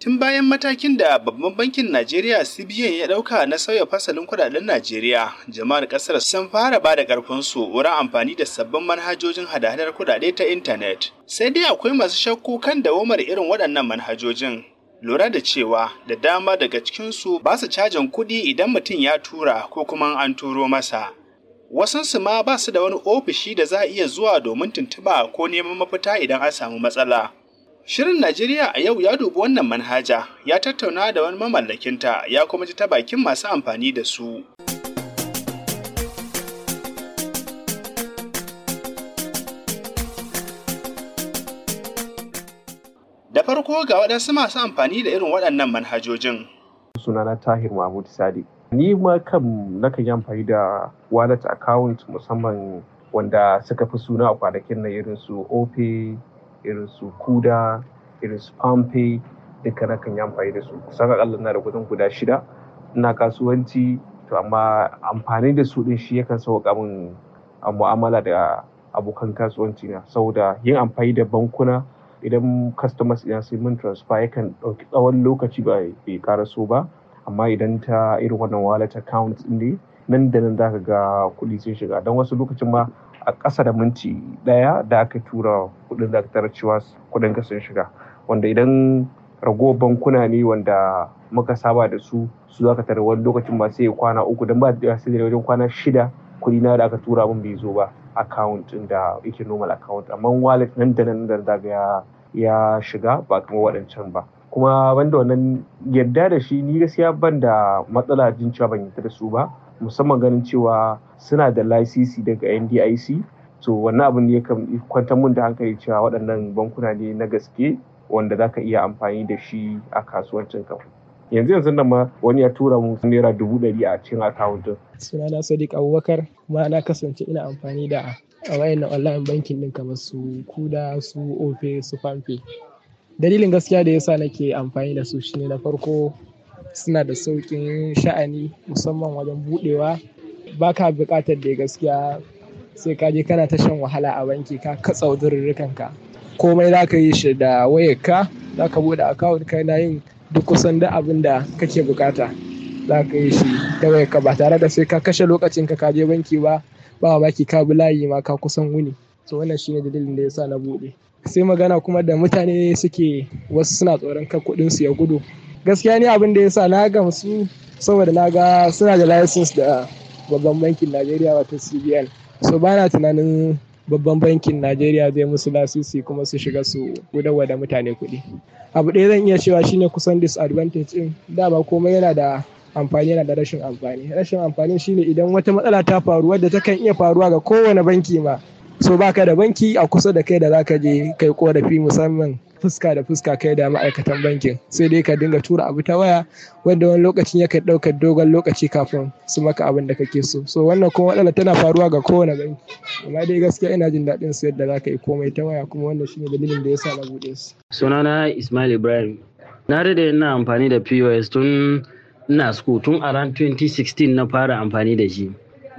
tun bayan matakin da babban bankin najeriya cbn ya dauka na sauya fasalin kudaden najeriya jama'ar kasar sun fara ba da su wurin amfani da sabbin manhajojin hada-hadar kudade ta intanet sai dai akwai masu shakku kan dawamar irin waɗannan manhajojin lura da cewa da dama daga cikinsu ba su cajin kuɗi idan mutum ya tura ko kuma an turo masa wasansu ma ba su da wani ofishi da za a iya zuwa domin tuntuɓa ko neman mafita idan an samu matsala Shirin Najeriya a yau ya dubi wannan manhaja, ya tattauna da wani mamallakinta ya kuma ji ta bakin masu amfani da su. Da farko ga waɗansu masu amfani da irin waɗannan manhajojin. Sunana Tahir Mahmud Sadiq. Ni ma kan nakan yi amfani da wallet account musamman wanda suka fi suna a kwanakin na irin su Opay irin su kuda irin su pampe duka na kan yi amfani da su kusan akalla na da kudin guda shida ina kasuwanci to amma amfani da su din shi yakan sauka min a mu'amala da abokan kasuwanci na saboda yin amfani da bankuna idan customers idan sai mun transfer yakan ɗauki tsawon lokaci ba bai karaso ba amma idan ta irin wannan wallet account ne nan da nan zaka ga kuɗi sun shiga don wasu lokacin ma a ƙasa da minti ɗaya da aka tura kuɗin da tara cewa kuɗin ka shiga wanda idan rago bankuna ne wanda muka saba da su su za ka tara wani lokacin ba sai kwana uku don ba da sai da wajen kwana shida kuɗi na da aka tura min bai zo ba account da yake normal account amma wallet nan da nan da daga ya shiga ba kuma waɗancan ba kuma banda wannan yadda da shi ni gaskiya ban da matsala jin cewa ban yadda da su ba musamman ganin cewa suna da lasisi daga ndic to wannan abin ne ya kwantar mun da hankali cewa waɗannan bankuna ne na gaske wanda za ka iya amfani da shi a kasuwancin ka yanzu yanzu nan ma wani ya tura mu naira dubu ɗari a cikin akawuntin. sunana sadiq abubakar kuma na kasance ina amfani da a wayan online bankin ɗin kamar su kuda su ofe su fanfe dalilin gaskiya da yasa nake amfani da su shine na farko suna da sauƙin sha'ani musamman wajen buɗewa. Ba ka buƙatar dai gaskiya sai ka je kana tashan wahala a banki ka katse wudururrukan ka. Komai za ka yi shi da wayarka, za ka buɗe account na yin duk kusan da abin da kake bukata Za ka yi shi ta wayarka ba tare da sai ka kashe lokacin ka ka je banki ba. Ba baki ka bi layi ma ka kusan wuni. To wannan shine dalilin da ya sa na buɗe. Sai magana kuma da mutane suke wasu suna tsoron kar kuɗinsu ya gudu. gaskiya ne abin da ya sa na gamsu saboda na ga suna da license da babban bankin najeriya wato cbn so ba na tunanin babban bankin najeriya zai musu lasisi kuma su shiga su gudawa da mutane kuɗi abu ɗaya zan iya cewa shine kusan disadvantage ɗin dama komai yana da amfani yana da rashin amfani rashin amfani shine idan wata matsala ta faru wadda ta kan iya faruwa ga kowane banki ma so baka da banki a kusa da kai da zaka je kai korafi musamman fuska da fuska kai da ma'aikatan bankin sai dai ka dinga tura abu ta waya wanda wani lokacin kai ɗaukar dogon lokaci kafin su maka abin da kake so so wannan kuma matsala tana faruwa ga kowane banki amma dai gaskiya ina jin daɗin su yadda za ka yi komai ta waya kuma wannan shine dalilin da ya sa na buɗe su sunana Ismail Ibrahim na daɗe ina amfani da POS tun ina school tun around 2016 na fara amfani da shi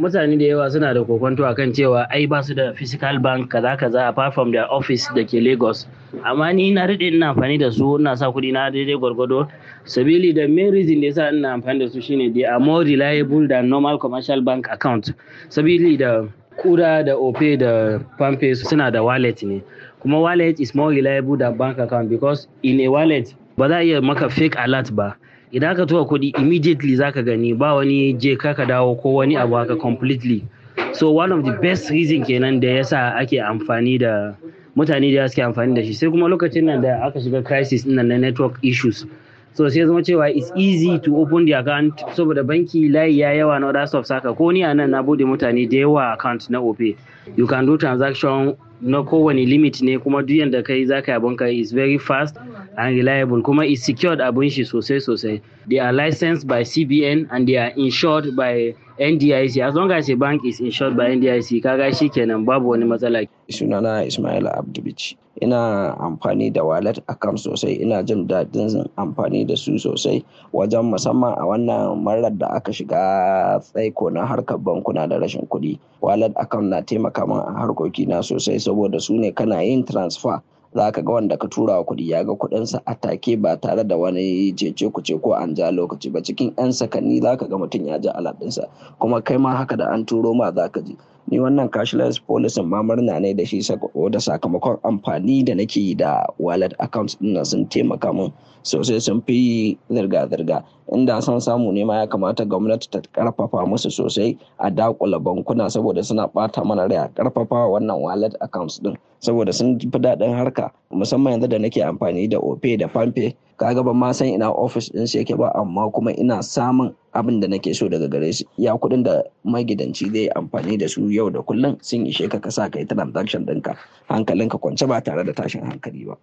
mutane da yawa suna da kokonto akan cewa ai ba su da physical bank kaza kaza apart from their office da ke Lagos. Amma ni na rade ina amfani da su ina sa kuɗi na daidai gwargwado. Sabili da main reason da yasa ina amfani da su shine they are more reliable than normal commercial bank account. Sabili da Kura da Ope da Pampe suna da wallet ne. Kuma wallet is more reliable than bank account because in a wallet ba za a iya maka fake alert ba. idan ka tura kuɗi immediately za ka gani ba wani je ka dawo ko wani abu haka completely so one of the best reason kenan da yasa ake amfani da mutane da suke amfani da shi sai kuma lokacin nan da aka shiga crisis na network issues so sai zama cewa it's easy to open the account saboda banki layi ya yawa na other of saka ko ni anan na bude mutane da yawa account na ope you can do transaction na kowane limit ne kuma duyan da kai zaka abun ka is very fast and reliable kuma is secured abin shi sosai sosai they are licensed by CBN and they are insured by NDIC as long as a bank is insured by NDIC kaga kenan babu wani matsala sunana Ismail Abdubici ina amfani da wallet account sosai ina jin daɗin amfani da su sosai wajen musamman a wannan marar da aka shiga tsaiko na harkar bankuna da rashin kuɗi wallet account na taimaka min a na sosai saboda su ne kana yin transfer za ka ga wanda ka tura wa kuɗi ya ga kuɗinsa a take ba tare da wani cece kuce ko an ja lokaci ba cikin 'yan sakanni za ka ga mutum ya ji alaɗinsa kuma kai ma haka da an turo ma za ka ji ni wannan cashless policy ma murna ne da shi da sakamakon amfani da nake yi da wallet account na sun taimaka min sosai sun fi zirga-zirga inda san samu ne ma ya kamata gwamnati ta karfafa musu sosai a dakula bankuna saboda suna bata mana rai a karfafa wannan wallet accounts din. saboda sun fi daɗin harka musamman yanzu da nake amfani da ope da fanfe kaga ban ma san ina ofis din shi yake ba amma kuma ina samun abin da nake so daga gare shi ya kuɗin da magidanci zai amfani da su yau da kullum sun ishe ka ka sa ka yi transaction ɗinka hankalinka kwance ba tare da tashin hankali ba.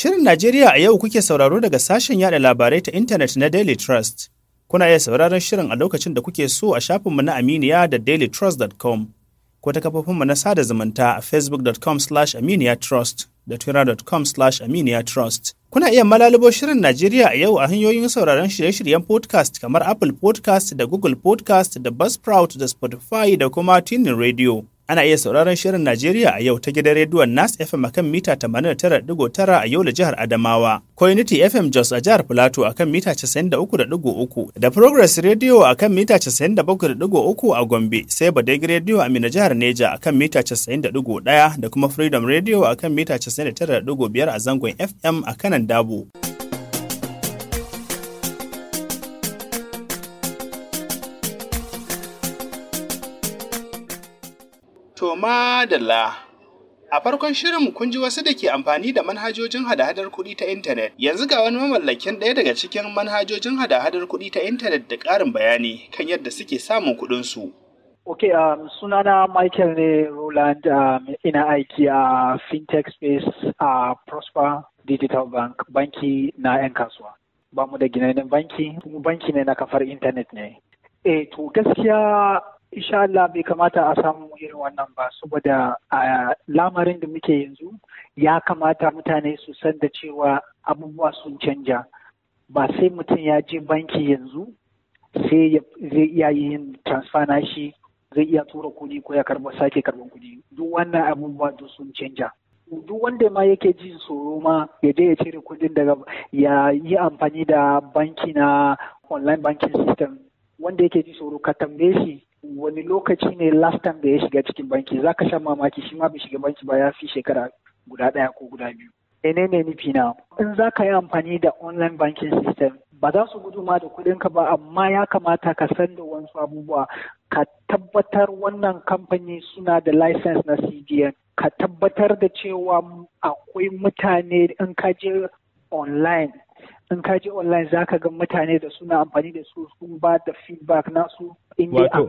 Shirin Najeriya a yau kuke sauraro daga sashen yada labarai ta intanet na Daily Trust. Kuna iya sauraron shirin a lokacin da kuke so a shafinmu na Aminiya da dailytrust.com ko ta kafofinmu na sada zumunta a facebook.com slash aminiyatrust da twitter.com slash aminiyatrust. Kuna iya malalibo shirin Najeriya a yau a hanyoyin sauraron shirye-shiryen podcast kamar Apple podcast da Google podcast da Buzzsprout da Spotify da kuma tunin Radio. Ana iya sauraron shirin Najeriya a yau ta gidan rediyon Nas FM akan mita 89.9 a yau da jihar Adamawa, Community FM Jos a jihar Plateau akan mita 93.3 da Progress Radio akan mita 97.3 a Gombe, sai Badegi Radio a Mina jihar Neja akan mita 90.1 da kuma Freedom Radio akan mita 99.5 a zangon FM a kanan Dabo. To madalla. A farkon shirin kun ji wasu da ke amfani da manhajojin hada-hadar kuɗi ta intanet. Yanzu ga wani mamallakin ɗaya daga cikin manhajojin hada-hadar kuɗi ta intanet da ƙarin bayani kan yadda suke samun kuɗinsu. Ok, um, sunana Michael ne Roland um, ina aiki a uh, fintech space a uh, Prosper Digital Bank, banki na 'yan kasuwa. Ba mu da ginanin banki, banki ne na kafar intanet ne. E, to gaskiya insha Allah bai kamata a samu irin wannan ba saboda a lamarin da muke yanzu ya kamata mutane su san da cewa abubuwa sun canja ba sai mutum ya je banki yanzu sai zai iya yin transfer na shi zai iya tura kuɗi ko ya karba sake karban kuɗi duk wannan abubuwa duk sun canja duk wanda ma yake jin tsoro ma ya je ya cire kuɗin daga ya yi amfani da banki na online banking system wanda yake ji tsoro ka tambaye shi wani lokaci ne last time da ya shiga cikin banki za ka sha mamaki shi ma bai shiga banki ba ya fi shekara guda ɗaya ko guda biyu ne nufi na in za ka yi amfani da online banking system ba za su gudu ma da ka ba amma ya kamata ka san da wasu abubuwa ka tabbatar wannan kamfani suna da license na cbn ka tabbatar da cewa akwai mutane in ka je online in ka online za ka ga mutane da suna amfani da su sun ba da feedback nasu in wato,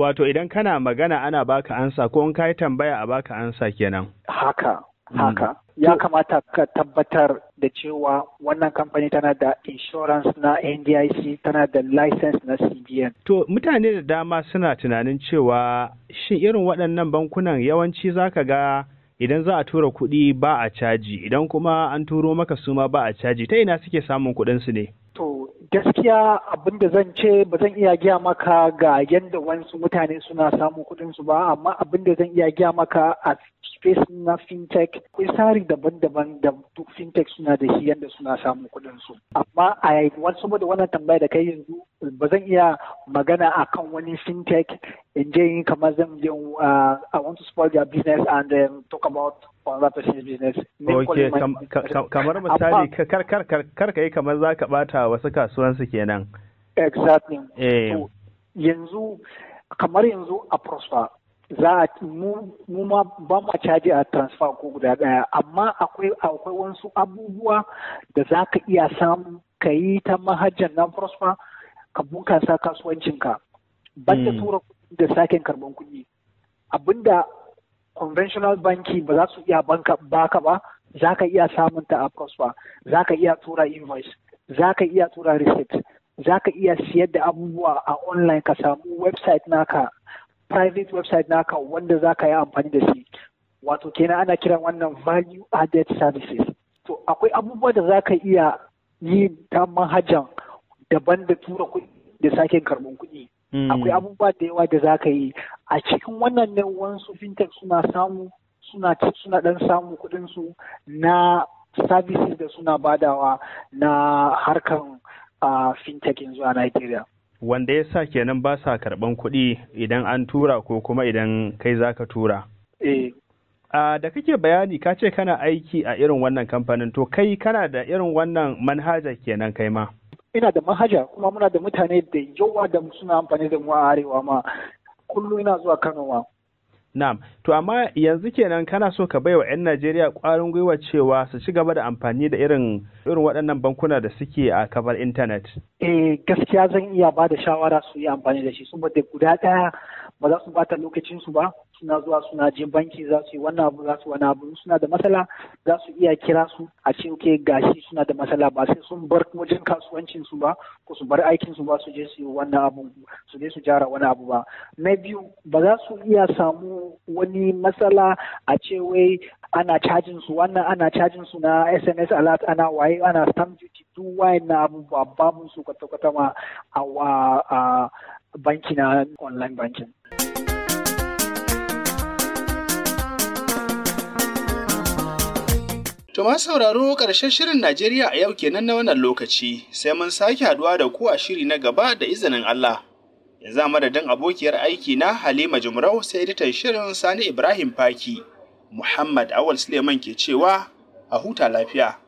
wato idan kana magana ana baka ansa ko in ka yi tambaya a baka ansa kenan haka hmm. haka ya kamata ka tabbatar da cewa wannan kamfani tana da insurance na ndic tana da license na cbn to mutane da dama suna tunanin cewa shin irin waɗannan bankunan yawanci zaka ga idan za a tura kuɗi ba a caji idan kuma an turo maka suma ba a caji ta ina suke samun kuɗin su ne to gaskiya abin da zan ce ba zan iya gaya maka ga yadda wasu mutane suna samun kuɗinsu ba amma abin da zan iya gaya maka a space na fintech akwai tsari daban-daban da duk fintech suna da shi yadda suna samun kuɗinsu, su amma a wasu da wannan tambaya da kai yanzu ba zan iya magana a kan wani fintech in je kamar zan je uh, I want to spoil their business and then talk about another person's business. Ok, kamar misali kar ka yi kamar za ka bata wasu kasuwansu kenan. Exactly. Eh. yanzu kamar yanzu a Prosper za a mu ma ba mu caji a transfer ko guda daya amma akwai akwai wasu abubuwa da za ka iya samu ka yi ta mahajjan na Prosper ka bunkasa kasuwancinka ban da hmm. tura kuɗi da sake karban kuɗi abinda conventional banki ba za su iya banka baka ba za ka iya samun ta a prosper za ka iya tura invoice za ka iya tura receipt za ka iya siyar da abubuwa a online ka samu website naka private website naka wanda za ka yi amfani da shi wato kenan ana kiran wannan value added services to akwai abubuwa da za ka iya yi ta manhajan daban da tura kuɗi da sake karɓan kuɗi hmm. akwai abubuwa da yawa da za ka yi a cikin wannan ne wasu fintech suna samu suna suna dan samu kuɗin su na services da suna badawa na harkar fintech yanzu a Nigeria. Wanda ya sa kenan ba sa karɓan kuɗi idan an tura ko kuma idan kai za ka tura? Uh, da kake bayani ka ce kana aiki a irin wannan kamfanin to kai kana da irin wannan manhaja kenan kai ma? ina da mahaja kuma muna da mutane da yawa da suna amfani da mu a arewa ma kullum ina zuwa Kano ma Na'am, to amma yanzu kenan kana so ka baiwa 'yan Najeriya ƙwarin gwiwa cewa su ci gaba da amfani da irin irin waɗannan bankuna da suke a kafar intanet. Eh gaskiya zan iya ba da shawara su yi amfani da shi saboda guda ɗaya ba za su bata lokacin su ba suna zuwa suna je banki za su yi wannan abu za su wani abu suna da matsala za su iya kira su a ce ke gashi suna da matsala ba sai sun bar wajen kasuwancin su ba ko su bar aikin su ba su je su yi wannan abu su je su jara wani abu ba na biyu ba za su iya samu wani matsala a ce wai ana cajin su wannan ana cajin su na SMS alert ana waye ana stamp duty duk wayan na abubuwa babu su kwata-kwata ma a banki na online banking. To ma sauraro ƙarshen shirin Najeriya a yau kenan na wannan lokaci sai mun sake haduwa da ku a shiri na gaba da izinin Allah. Yanzu a madadin abokiyar aiki na Halima Jumrau sai editan shirin Sani Ibrahim Faki. Muhammad Awal Suleiman ke cewa a huta lafiya.